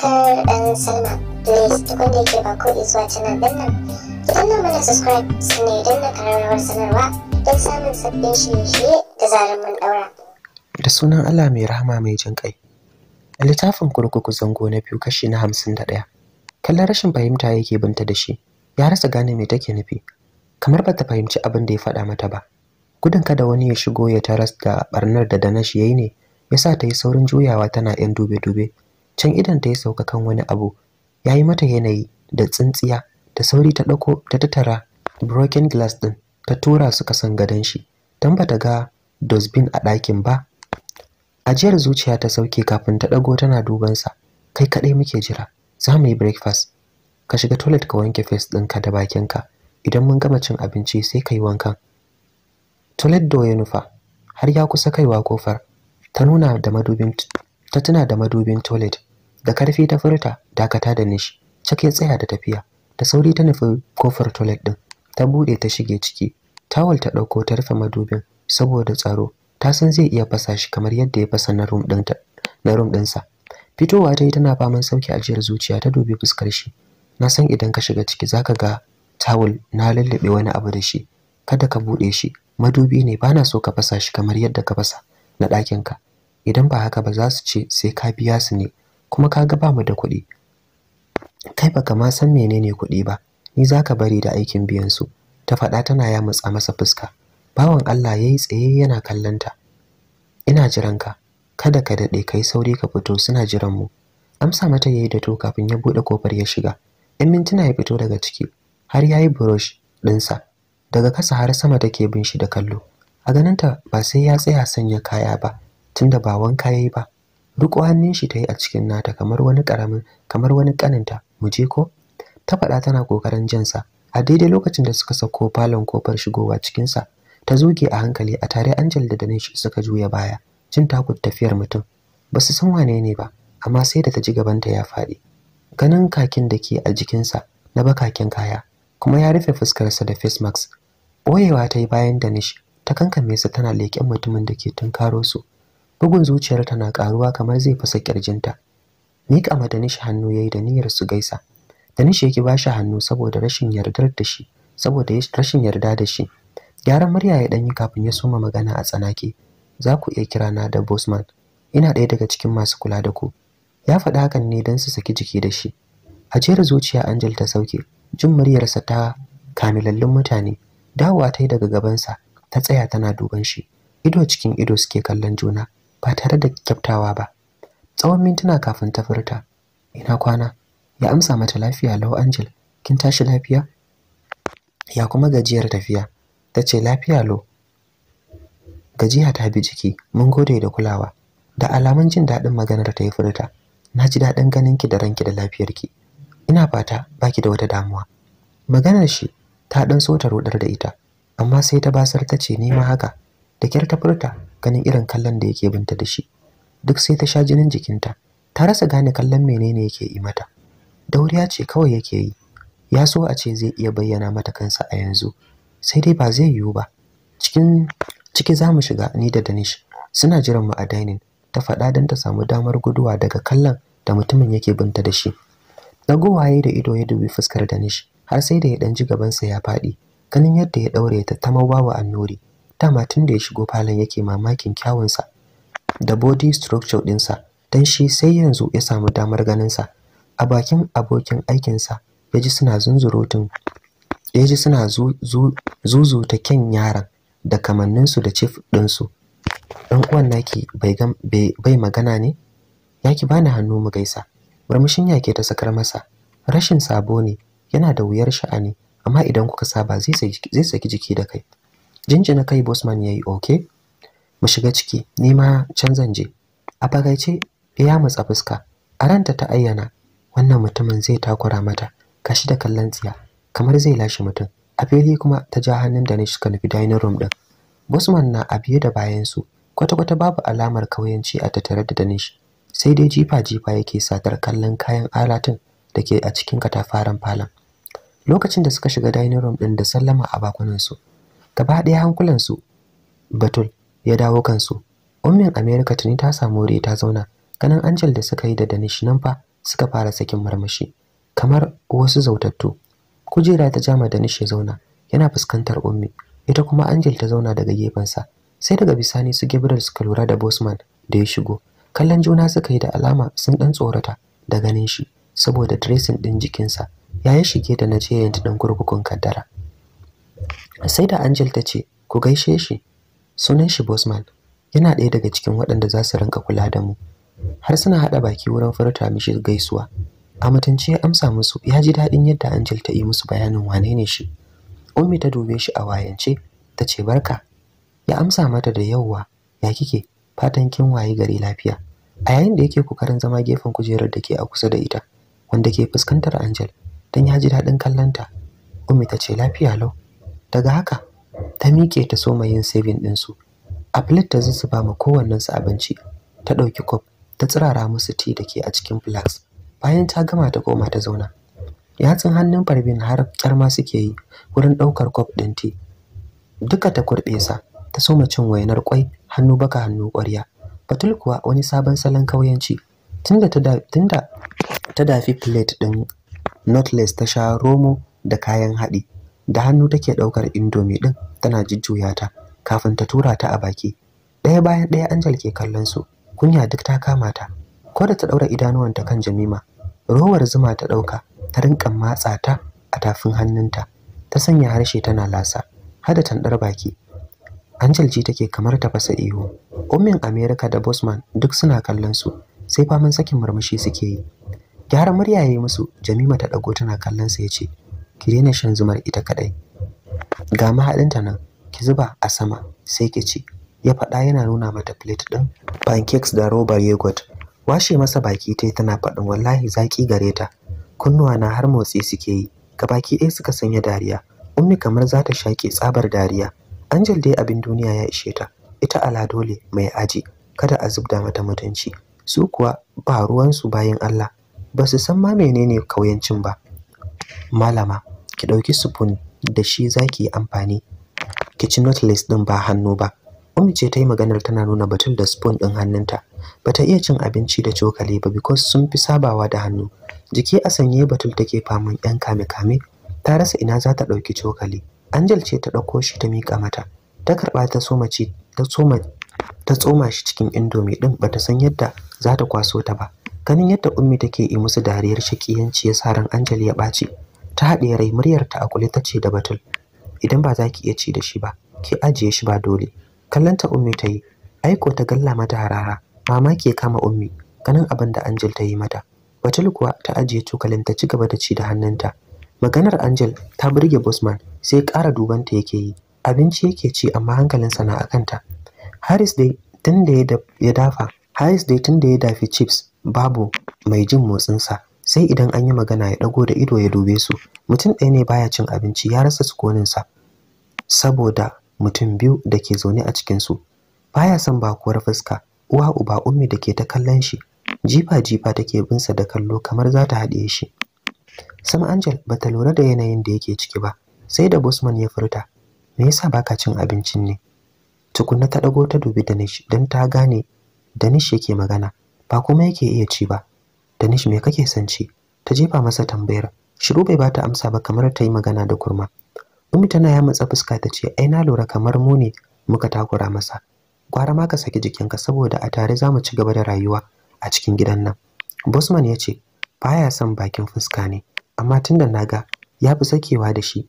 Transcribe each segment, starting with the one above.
subscribe and sign up. Please tukun da yake ba ko zuwa canal din nan. Ki danna mana subscribe sannan idan na kararrawar sanarwa don samun sabbin shirye-shirye da zarar mun daura. Da sunan Allah mai rahama mai jin kai. A littafin kurkuku zango na biyu kashi na hamsin da ɗaya. Kallon rashin fahimta yake binta da shi. Ya rasa gane me take nufi. Kamar bata fahimci abin da ya faɗa mata ba. Gudun kada wani ya shigo ya taras da ɓarnar da Danash yayi ne ya sa ta yi saurin juyawa tana yan dube-dube can idan ta yi sauka kan wani abu ya yi mata yanayi da tsintsiya da sauri ta ɗauko ta tattara broken glass ɗin ta tura su kasan gadon shi don ba ta ga dosbin a ɗakin ba ajiyar zuciya ta sauke kafin ta ɗago tana duban sa kai kaɗai muke jira za mu yi breakfast ka shiga toilet ka wanke face ɗinka da bakinka idan mun gama cin abinci sai ka yi wankan toilet do ya nufa har ya kusa kaiwa kofar ta nuna da madubin ta tuna da madubin toilet da karfi ta furta dakata da nishi cak ya tsaya da tafiya da sauri ta nufi kofar toilet din ta bude ta shige ciki tawul ta dauko ta rufe madubin saboda tsaro ta san zai iya fasa shi kamar yadda ya fasa na room din na room sa fitowa ta yi tana faman sauki ajiyar zuciya ta dubi fuskar shi na san idan ka shiga ciki zaka ga tawul na lallabe wani abu da shi kada ka bude shi madubi ne bana so ka fasa shi kamar yadda ka fasa na ɗakin ka idan ba haka ba za su ce sai ka biya su ne kuma kaga ba mu da kuɗi kai baka ma san menene kuɗi ba ni zaka bari da aikin biyan su ta faɗa tana ya yamutsa masa fuska bawan Allah yayi tsaye yana kallanta ina jiran ka kada ka dade kai sauri ka fito suna jiran mu amsa mata yayi da to kafin ya bude kofar ya shiga ɗan mintuna ya fito daga ciki har yayi brush ɗinsa daga kasa har sama take bin shi da kallo a ganinta ba sai ya tsaya sanya kaya ba tunda ba wanka yayi ba duk hannun shi ta yi a cikin nata kamar wani karamin kamar wani kaninta mu je ko ta faɗa tana kokarin jansa a daidai lokacin da suka sako falon kofar shigowa cikin sa ta zoge a hankali a tare Anjel da Danish suka juya baya jin takut tafiyar mutum ba su san wane ne ba amma sai da ta ji gabanta ya faɗi ganin kakin da ke a jikinsa na bakakin kaya kuma ya rufe fuskarsa da face mask Ɓoyewa ta yi bayan Danish ta kankame sa tana leƙen mutumin da ke tunkaro su bugun zuciyar tana na karuwa kamar zai fasa kirjinta mika ma Danish hannu yayi da niyyar su gaisa Danish yake ba shi hannu saboda rashin yardar da shi saboda rashin yarda da shi gyaran murya ya danyi kafin ya soma magana a tsanake za ku iya kira na da Bosman ina ɗaya daga cikin masu kula da ku ya faɗi hakan ne don su saki jiki da shi a jera zuciya Angel ta sauke jin muryarsa ta kamilallun mutane dawowa ta yi daga gabansa ta tsaya tana duban shi ido cikin ido suke kallon juna ba tare da kyaftawa ba tsawon mintuna kafin ta furta ina kwana ya amsa mata lafiya low angel kin tashi lafiya ya kuma gajiyar tafiya ta ce lafiya low gajiya ta bi jiki mun gode da kulawa da alamun jin daɗin maganar ta yi furta na ji daɗin ganin ki da ranki da lafiyarki ina fata baki da wata damuwa maganar shi ta ɗan so ta rudar da ita amma sai ta basar ta ce nima haka da kyar ta furta ganin irin kallon da yake binta da shi duk sai ta sha jinin jikinta ta rasa gane kallon menene yake yi mata dauriya ce kawai yake yi ya so a ce zai iya bayyana mata kansa a yanzu sai dai ba zai yiwu ba cikin ciki za mu shiga ni da danish suna jiran mu a dining ta faɗa don ta samu damar guduwa daga kallon da mutumin yake binta da shi dagowaye da ido ya dubi fuskar danish har sai da ya ɗan ji gabansa ya faɗi ganin yadda ya ɗaure ta ta mawawa annori dama tun da ya shigo falon yake mamakin kyawunsa da body structure ɗinsa don shi sai yanzu ya samu damar ganinsa a bakin abokin aikinsa ya ji suna zunzurutun ya ji suna zuzuta kyan yaran da kamanninsu da cif ɗinsu Dan uwan naki bai magana ne yaki bani hannu mu gaisa murmushin yake ta sakar masa rashin sabo ne yana da wuyar sha'ani amma idan kuka saba zai saki jiki da kai jinjina kai bosman yi oke mu shiga ciki ni ma can zan je a fakaice ya matsa fuska a ranta ta ayyana wannan mutumin zai takura mata kashi da kallon tsiya kamar zai lashe mutum a fili kuma ta ja hannun da suka nufi dining room din bosman na a biye da bayan su kwata-kwata babu alamar kauyanci a tattare da danish sai dai jifa-jifa yake satar kallon kayan alatin da ke a cikin katafaren falon lokacin da suka shiga dining room din da sallama a bakunansu gaba ɗaya hankulansu batul ya dawo kansu ummin america tuni ta samu wuri ta zauna ganin angel da suka yi da danish nan fa suka fara sakin marmashi kamar wasu zautattu kujera ta jama danish ya zauna yana fuskantar ummi ita kuma angel ta zauna daga gefensa sai daga bisani su Gibral suka lura da bosman da ya shigo kallon juna suka yi da alama sun dan tsorata da ganin shi saboda dressing din jikinsa ya yi shige da na ɗin kurkukun kaddara sai da Angel ta ce ku gaishe shi sunan shi Bosman yana ɗaya daga cikin waɗanda za su rinka kula da mu har suna haɗa baki wurin furta mishi gaisuwa a mutunci ya amsa musu ya ji daɗin yadda Angel ta yi musu bayanin wane ne shi Ummi ta dube shi a wayance ta ce barka ya amsa mata da yauwa ya kike fatan kin waye gari lafiya a yayin da yake kokarin zama gefen kujerar da ke a kusa da ita wanda ke fuskantar Angel dan ya ji daɗin kallonta Ummi ta ce lafiya lau daga haka ta miƙe ta soma yin sevin ɗinsu a filit ta zuzzuba ma kowannensu abinci ta ɗauki kwaf ta tsirara musu ti da ke a cikin flask bayan ta gama ta koma ta zauna yatsun hannun farbin har kyarma suke yi wurin ɗaukar kwaf ɗin ti. duka ta kurɓe sa ta soma cin wainar kwai hannu baka hannu ƙwarya batul kuwa wani sabon salon ƙauyenci tunda ta dafi filet ɗin notless ta sha romo da kayan haɗi da hannu take ɗaukar indomi ɗin tana jujjuyata ta kafin ta tura ta a baki ɗaya bayan ɗaya Angel ke kallon su kunya duk ta kama ta ko da ta ɗaura ta kan Jamima rowar zuma ta ɗauka ta rinka matsa ta a tafin hannunta ta sanya harshe tana lasa hada tandar baki Angel ji take kamar ta fasa ihu ummin America da Bosman duk suna kallon su sai faman sakin murmushi suke yi gyara muryaye musu Jamima ta ɗago tana kallon sa yace ki daina shan zumar ita kadai. ga ta nan ki zuba a sama sai ki ci ya faɗa yana nuna mata plate ɗin pancakes da robar yogurt washe masa baki yi tana faɗin wallahi zaki gare ta kunnuwa na har motsi suke yi baki ɗaya suka sanya dariya ummi kamar za ta shaƙe tsabar dariya Anjel dai abin duniya ya ishe ta ita ala mai aji kada a zubda mata mutunci su kuwa ba ruwansu bayan allah ba su san ma menene kauyancin ba malama ki ɗauki spoon da shi za ki yi amfani ki ci ɗin ba hannu ba Ummi ce ta yi maganar tana nuna batul da spoon ɗin hannunta ba ta iya cin abinci da cokali ba because sun fi sabawa da hannu jiki a sanye batul take faman yan kame-kame ta rasa ina za ta ɗauki cokali angel ce ta ɗauko shi ta miƙa mata ta karɓa ta soma ci ta soma ta tsoma shi cikin indomi ɗin ba ta san yadda za ta kwaso ta ba ganin yadda ummi take yi musu dariyar shakiyanci ya sa ran angel ya ɓaci ta haɗe rai muryarta a akule ta ce da batul idan ba za ki iya ci da shi ba ki ajiye shi ba dole kallanta ummi ta yi aiko ta galla mata harara mama ke kama ummi ganin abin da angel ta yi mata batul kuwa ta ajiye cokalin ta ci gaba da ci da hannunta maganar angel ta burge bosman sai ƙara dubanta yake yi abinci yake ci amma hankalinsa na akanta haris dai tun da ya dafa haris dai tun da ya dafi chips babu mai jin motsinsa sai idan an yi magana ya dago da ido ya dube su mutum ɗaya ne baya cin abinci ya rasa sukoninsa saboda mutum biyu da ke zaune a cikinsu baya son bakuwar fuska uwa uba ummi da ke ta kallon shi jifa jifa take binsa da kallo kamar za ta haɗe shi sam angel ba ta lura da yanayin da yake ciki ba sai da bosman ya furta me yasa baka cin abincin ne tukunna ta dago ta dubi danish don ta gane danish yake magana ba kuma yake iya ci ba Danish me kake son ci? Ta jefa masa tambayar. Shiru bai bata amsa ba kamar ta yi magana da kurma. Ummi tana ya matsa fuska ta ce, "Ai na lura kamar mu ne muka takura masa. Gwara ma ka saki jikinka saboda a tare za mu ci gaba da rayuwa a cikin gidan nan." Bosman ya ce, "Baya son bakin fuska ne, amma tunda naga ya fi sakewa da shi.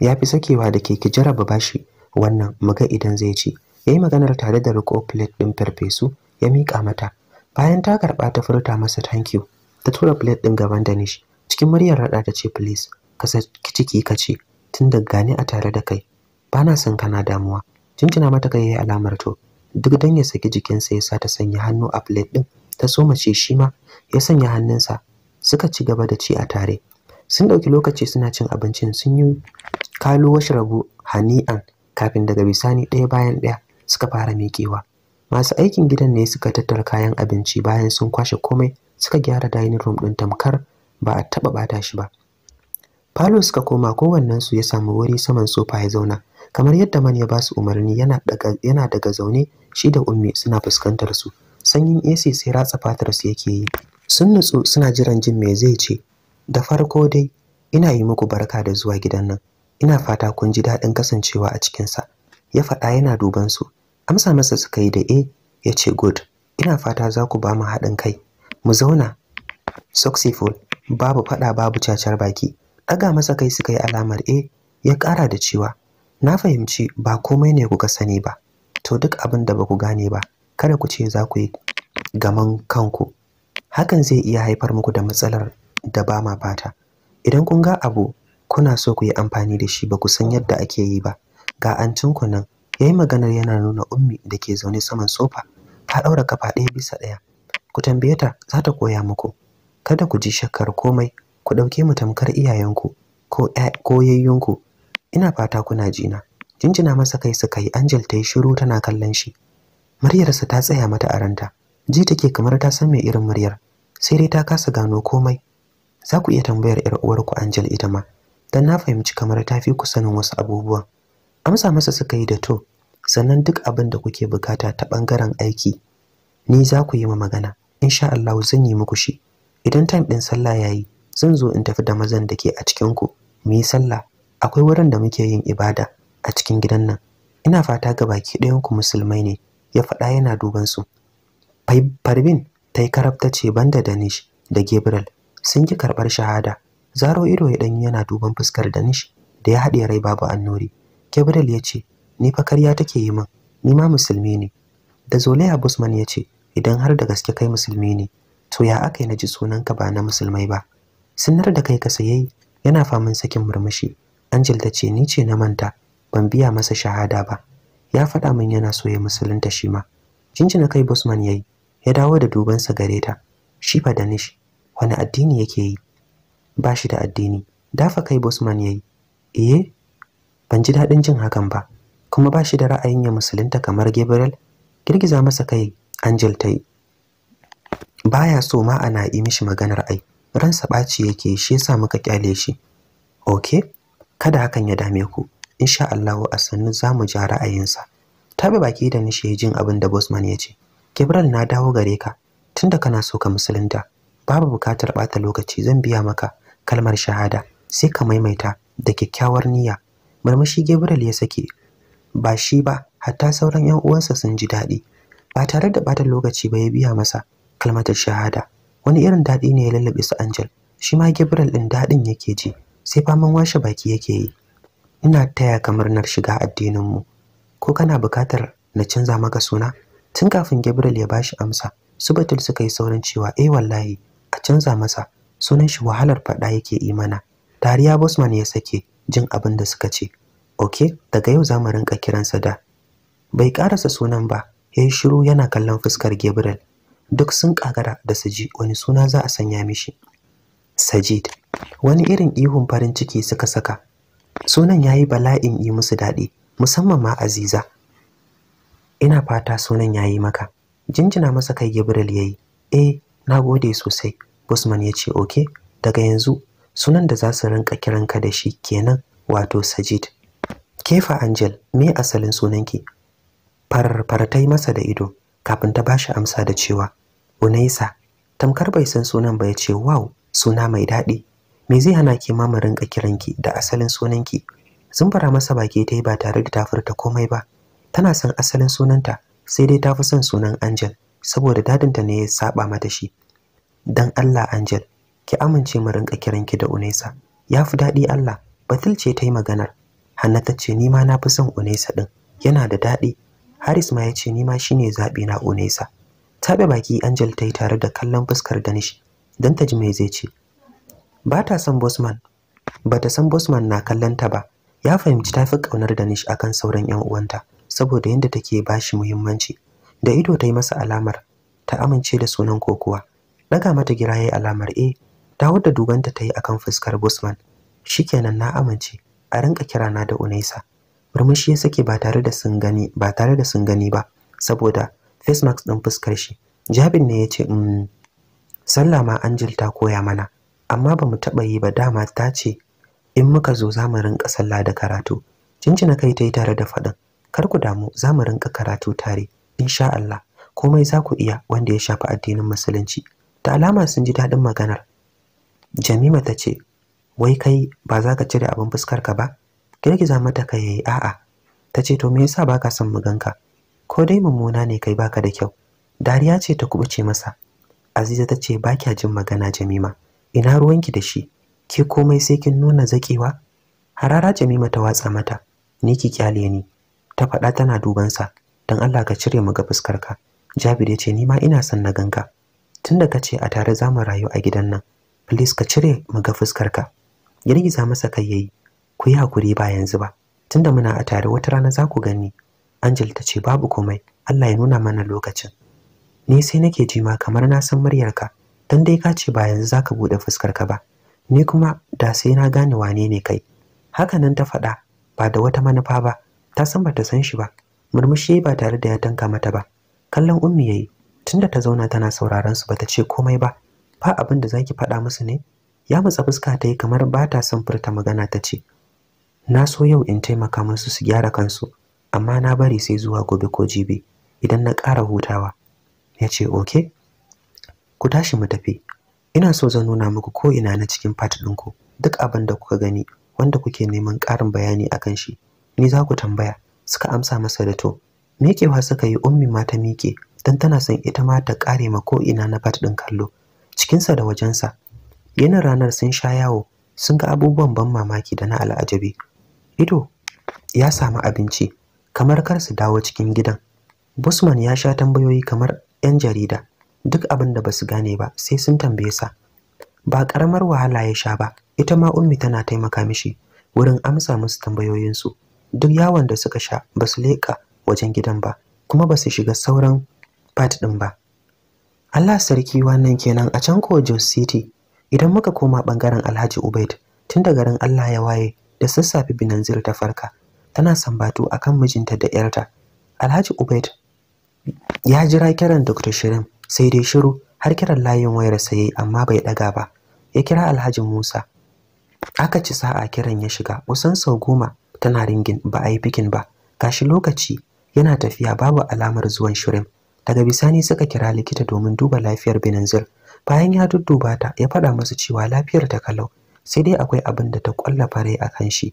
Ya fi sakewa da keke jaraba bashi wannan muga idan zai ci." Yayi maganar tare da riko plate din farfesu ya mika mata. bayan ta karɓa ta furta masa thank you ta tura plate ɗin gaban danish cikin muryar raɗa ta ce please ka saki ciki ka ce tun da gani a tare da kai ba na son kana damuwa jinjina mata kai yayi alamar to duk dan ya saki jikinsa ya sa ta sanya hannu a plate ɗin ta so mace shi ma ya sanya hannunsa suka ci gaba da ci a tare sun ɗauki lokaci suna cin abincin sun yi kalo rabu hani'an kafin daga bisani ɗaya bayan ɗaya suka fara miƙewa masu aikin gidan ne suka tattara kayan abinci bayan sun kwashe komai suka gyara dining room din tamkar ba a taɓa bata shi ba falo suka koma kowannen su ya samu wuri saman sofa ya zauna kamar yadda man ya ba su umarni yana daga yana daga zaune shi da ummi suna fuskantar su sanyin AC sai ratsa fatar su yake yi sun nutsu suna jiran jin me zai ce da farko dai ina yi muku barka da zuwa gidan nan ina fata kun ji daɗin kasancewa a cikinsa ya faɗa yana duban su amsa masa suka yi da e ya ce good ina fata za ku ba mu haɗin kai mu zauna successful babu faɗa babu cacar baki ɗaga masa kai suka yi alamar e ya ƙara da cewa na fahimci ba komai ne kuka sani ba to duk abin da ba ku gane ba kada ku ce za ku yi gaman kanku hakan zai iya haifar muku da matsalar da ba ma fata idan kun ga abu kuna so ku yi amfani da shi ba ku san yadda ake yi ba ga ancinku nan ya yi maganar yana nuna ummi da ke zaune saman sofa ta ɗaura kafa ɗaya bisa ɗaya ku tambaye ta za ta koya muku kada ku ji shakkar komai ku ɗauke mu tamkar iyayenku ko yayyunku ina fata kuna jina jinjina masa kai suka yi angel ta yi shiru tana kallon shi muryarsa ta tsaya mata a ranta ji take kamar ta san mai irin muryar sai dai ta kasa gano komai za ku iya tambayar 'yar uwarku angel ita ma don na fahimci kamar ta fi ku sanin wasu abubuwan amsa masa suka yi da to sannan duk abin da kuke bukata ta bangaren aiki ni za ku yi ma magana insha Allah zan yi muku shi idan time din sallah yayi zan zo in tafi da mazan da ke a cikin ku mu yi sallah akwai wurin da muke yin ibada a cikin gidan nan ina fata ga baki ɗayan ku musulmai ne ya faɗa yana duban su Farbin ta yi karabtace banda Danish da Gabriel sun ki karɓar shahada zaro ido ya ɗanyi yana duban fuskar Danish da ya haɗe rai babu annori Gabriel ya ce, Ni fa karya take yi min, ni ma musulmi ne. Da Zolaya Busman ya ce, Idan har da gaske kai musulmi ne, to ya aka yi na ji sunanka ba na musulmai ba. Sinar da kai ka sayayi yana famin sakin murmushi. anjil ta ce, Ni ce na manta, ban biya masa shahada ba. Ya faɗa min yana so ya musulunta shi ma. Jinjina kai Busman ya yi, ya dawo da dubansa gare ta. Shi fa Danish, wani addini yake yi? Ba shi da addini. Dafa kai Busman ya yi, ban ji daɗin jin hakan ba kuma ba shi da ra'ayin ya musulunta kamar gabriel girgiza masa kai angel ta yi baya so ma ana yi mishi maganar ai ransa ɓaci yake shi yasa muka kyale shi ok kada hakan ya dame ku insha Allah a sannu za mu ja ra'ayinsa ta bi baki da nishi jin abin da bosman ya ce gabriel na dawo gare ka tunda kana so ka musulunta babu bukatar ɓata lokaci zan biya maka kalmar shahada sai ka maimaita da kyakkyawar niyya murmushi Gabriel ya sake ba shi ba hatta sauran 'yan uwansa sun ji daɗi ba tare da bata lokaci ba ya biya masa kalmatar shahada wani irin daɗi ne ya lallabe su Angel shi ma Gabriel ɗin daɗin yake ji sai faman washe baki yake yi ina taya kamar nar shiga addinin mu ko kana bukatar na canza maka suna tun kafin Gabriel ya bashi amsa Subatul suka yi sauran cewa eh wallahi a canza masa sunan shi wahalar faɗa yake imana dariya Bosman ya sake jin abin da suka ce ok daga yau za mu rinka kiransa da bai karasa sunan ba ya yi shiru yana kallon fuskar gabriel duk sun kagara da su ji wani suna za a sanya mishi sajid wani irin ihun farin ciki suka saka sunan ya yi bala'in yi musu daɗi musamman ma aziza ina fata sunan ya yi maka jinjina masa kai gabriel ya yi eh na gode sosai busman ya ce, "Oke, daga yanzu sunan da za su rinka kiranka da shi kenan wato sajid kefa angel me asalin sunanki farfar ta yi masa da ido kafin ta bashi amsa da cewa unaisa tamkar bai san sunan ba ya ce wow suna mai daɗi me zai hana ki ma mu rinka kiranki da asalin sunanki zumbura masa baki ta yi ba tare da ta furta komai ba tana son asalin sunanta sai dai ta fi son sunan angel saboda dadinta ne ya saba mata shi dan allah angel ki amince mu rinka ki da Ya fi daɗi Allah Batil ce ta yi maganar Hanna ta ce ni ma na fi son unesa din yana da daɗi Haris ma ya ce ni ma shine zaɓi na unesa taɓe baki Angel ta yi tare da kallon fuskar Danish don ta ji me zai ce ba ta son Bosman ba ta san Bosman na kallon ta ba ya fahimci ta fi ƙaunar Danish akan sauran 'yan uwanta saboda yadda take ba shi muhimmanci da ido ta yi masa alamar ta amince da sunan kokuwa daga mata gira yayi alamar e Dawar da dubanta ta yi akan fuskar shi Shikenan na amince, a rinka kira na da Unaisa. Murmushi ya sake ba tare da sun gani ba tare da sun gani ba saboda face mask ɗin fuskar shi. Jabin ne ya ce, "Mm, sallah ma Angel ta koya mana, amma ba mu taɓa yi ba dama ta ce in muka zo za mu rinka sallah da karatu." Cincina kai ta yi tare da faɗin, "Kar ku damu, za mu rinka karatu tare, insha Allah." komai za ku iya wanda ya shafi addinin musulunci ta alama sun ji daɗin maganar Jamima ta ce, "Wai kai ba za ka cire abin fuskarka ba?" Girgiza mata ka yayi a'a. Ta ce, "To me yasa baka son mu ganka? Ko dai mummuna ne kai baka da kyau." Dariya ce ta kubuce masa. Aziza ta ce, "Ba kya jin magana Jamima. Ina ruwanki da shi? Ke komai sai kin nuna zakewa?" Harara Jamima ta watsa mata. Ni ki kyale ni. Ta faɗa tana duban sa. Dan Allah ka cire mu ga fuskarka. Jabir ya ce, "Ni ma ina son na ganka." Tunda ka ce a tare za mu rayu a gidan nan. please ka cire mu ga fuskarka girgiza masa kai yayi ku yi hakuri ba yanzu ba tunda muna a tare wata rana za ku gani Angel ta ce babu komai Allah ya nuna mana lokacin ni sai nake ji ma kamar na san ka dan dai ka ce ba yanzu zaka bude fuskarka ba ni kuma da sai na gane wane ne kai haka nan ta faɗa ba da wata manufa ba ta san ba ta san shi ba murmushi ba tare da ya tanka mata ba kallon ummi yayi tunda ta zauna tana sauraron su ba ta ce komai ba ba abin da zaki faɗa musu ne ya matsa fuska ta yi kamar ba ta son furta magana ta ce na so yau in taimaka musu su gyara kansu amma na bari sai zuwa gobe ko jibi idan na ƙara hutawa ya ce oke ku tashi mu tafi ina so zan nuna muku ko ina na cikin fat ɗinku duk abin da kuka gani wanda kuke neman ƙarin bayani a kan shi ni za ku tambaya suka amsa masa da to me suka yi ummi ma ta miƙe don tana son ita ma ta ƙare ma ko ina na fat ɗin kallo cikinsa da wajensa yana ranar sun sha yawo sun ga abubuwan ban mamaki da na al'ajabi ido ya samu abinci kamar kar su dawo cikin gidan busman ya sha tambayoyi kamar 'yan jarida duk abin da ba su gane ba sai sun tambaye sa ba ƙaramar wahala ya sha ba ita ma ummi tana taimaka mishi wurin amsa musu tambayoyinsu duk yawon da suka sha ba su leƙa wajen gidan ba kuma ba su shiga sauran fat ɗin ba Allah sarki wannan kenan a can Kojo City idan muka koma bangaren Alhaji Ubaid tun da garin Allah ya waye da sassafe Binanzir ta farka tana sambatu akan mijinta da yarta Alhaji Ubaid ya jira kiran Dr. Shirin sai dai shiru har kiran layin wayar sa yayi amma bai daga ba ya kira Alhaji Musa aka ci sa'a kiran ya shiga kusan sau goma tana ringin ba a yi bikin ba gashi lokaci yana tafiya babu alamar zuwan shirin daga bisani suka kira likita domin duba lafiyar Benazir bayan ya dudduba ta ya faɗa musu cewa lafiyar ta kalau sai dai akwai abin da ta kwalla fare a kan shi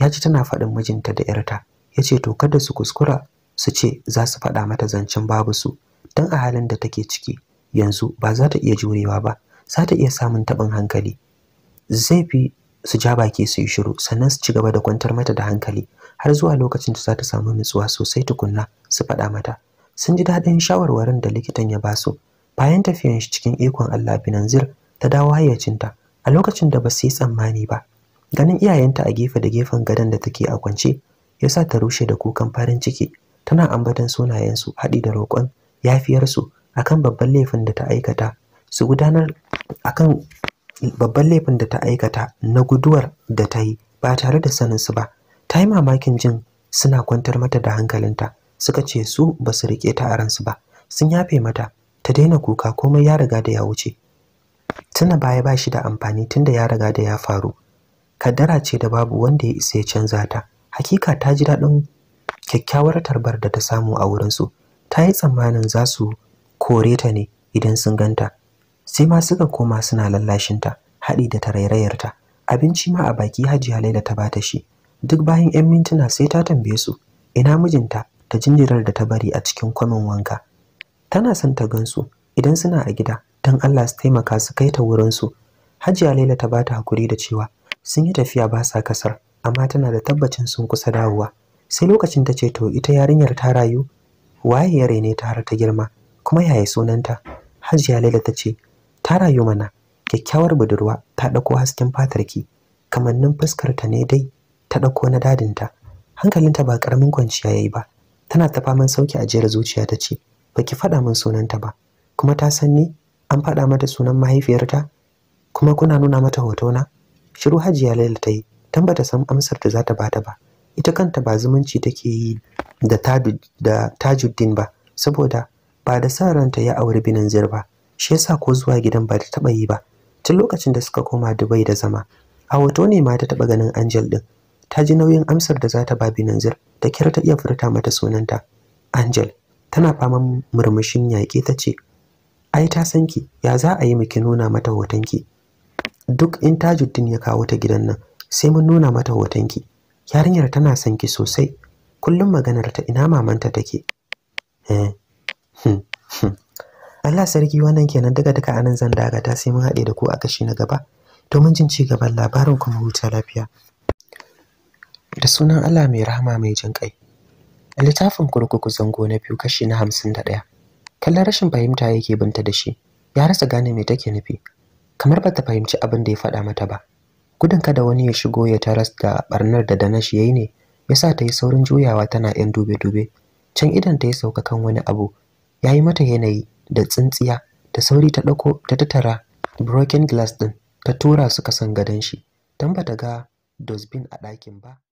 ya ji tana faɗin mijinta da yarta ya ce to kada su kuskura su ce za su faɗa mata zancen babu su dan a halin da take ciki yanzu ba za ta iya jurewa ba za ta iya samun taɓin hankali zai fi su ja baki su yi shiru sannan su ci gaba da kwantar mata da hankali har zuwa lokacin da za ta samu nutsuwa sosai tukunna su faɗa mata sun ji daɗin shawarwarin da likitan ya basu bayan tafiyan shi cikin ikon Allah Binanzir ta dawo hayyacinta a lokacin da ba su yi tsammani ba ganin iyayenta a gefe da gefen gadon da take a kwance ya sa ta rushe da kukan farin ciki tana ambaton sunayensu haɗi da roƙon yafiyarsu akan babban laifin da ta aikata su gudanar akan babban laifin da ta aikata na guduwar da ta yi ba tare da saninsu ba ta yi mamakin jin suna kwantar mata da hankalinta suka ce su ba su riƙe ta a ransu ba sun yafe mata ta daina kuka komai ya riga da ya wuce tuna baya ba shi da amfani tunda ya riga da ya faru kaddara ce da babu wanda ya isa ya canza ta hakika ta ji daɗin kyakkyawar tarbar da ta samu a wurinsu ta yi tsammanin za su kore ta ne idan sun ganta sai ma suka koma suna lallashinta haɗi da tarairayarta abinci ma a baki hajiya laila ta bata shi duk bayan 'yan mintuna sai ta tambaye su ina mijinta da jinjirar da ta bari a cikin kwamin wanka tana son ta gansu idan suna a gida don Allah su taimaka su kai ta wurinsu hajiya laila ta bata hakuri da cewa sun yi tafiya ba sa kasar amma tana da tabbacin sun kusa dawowa sai lokacin ta ce to ita yarinyar ta rayu waye yare ne ta har ta girma kuma yaya sunanta hajiya laila ta ce ta rayu mana kyakkyawar budurwa ta ɗauko hasken fatarki kamannin fuskarta ne dai ta ɗauko na dadinta hankalinta ba ƙaramin kwanciya ya yi ba tana tafa faman sauki a jiyar zuciya ta ce baki faɗa min sunanta ba kuma ta san ni an faɗa mata sunan mahaifiyarta kuma kuna nuna mata hoto na? shiru hajiya laila ta yi tambata san amsar da za ta bata ba ita kanta ba zumunci take yi da tajuddin ba saboda ba da sa ranta ya auri binin zir ba shi yasa ko zuwa gidan ba ta taɓa yi ba tun lokacin da suka koma dubai da zama a hoto ne ma ta taɓa ganin angel ɗin ta ji nauyin amsar da za ta ba Binanzir ta kira ta iya furta mata sunanta Angel tana faman murmushin yaƙi ta ce ai ta san ki ya za a yi miki nuna mata hoton ki? duk in ta tajuddin ya kawo ta gidan nan sai mun nuna mata hoton ki. yarinyar tana son ki sosai kullum maganar ta ina mamanta take eh hmm, hmm. Allah sarki wannan kenan daga duka anan zan dakata sai mun haɗe da ku a kashi na gaba domin jin ci gaban labarin kuma huta lafiya da sunan Allah mai rahama mai jin kai littafin kurkuku zango na biyu kashi na hamsin da ɗaya kallon rashin fahimta yake binta da shi ya rasa gane me take nufi kamar ba ta fahimci abin da ya faɗa mata ba gudun kada wani ya shigo ya taras da barnar da ya yi ne ya sa ta yi saurin juyawa tana yan dube-dube can idan ta yi sauka kan wani abu ya yi mata yanayi da tsintsiya da sauri ta ɗauko ta tattara broken glass ɗin ta tura su kasan gadon shi don ba ta ga dosbin a ɗakin ba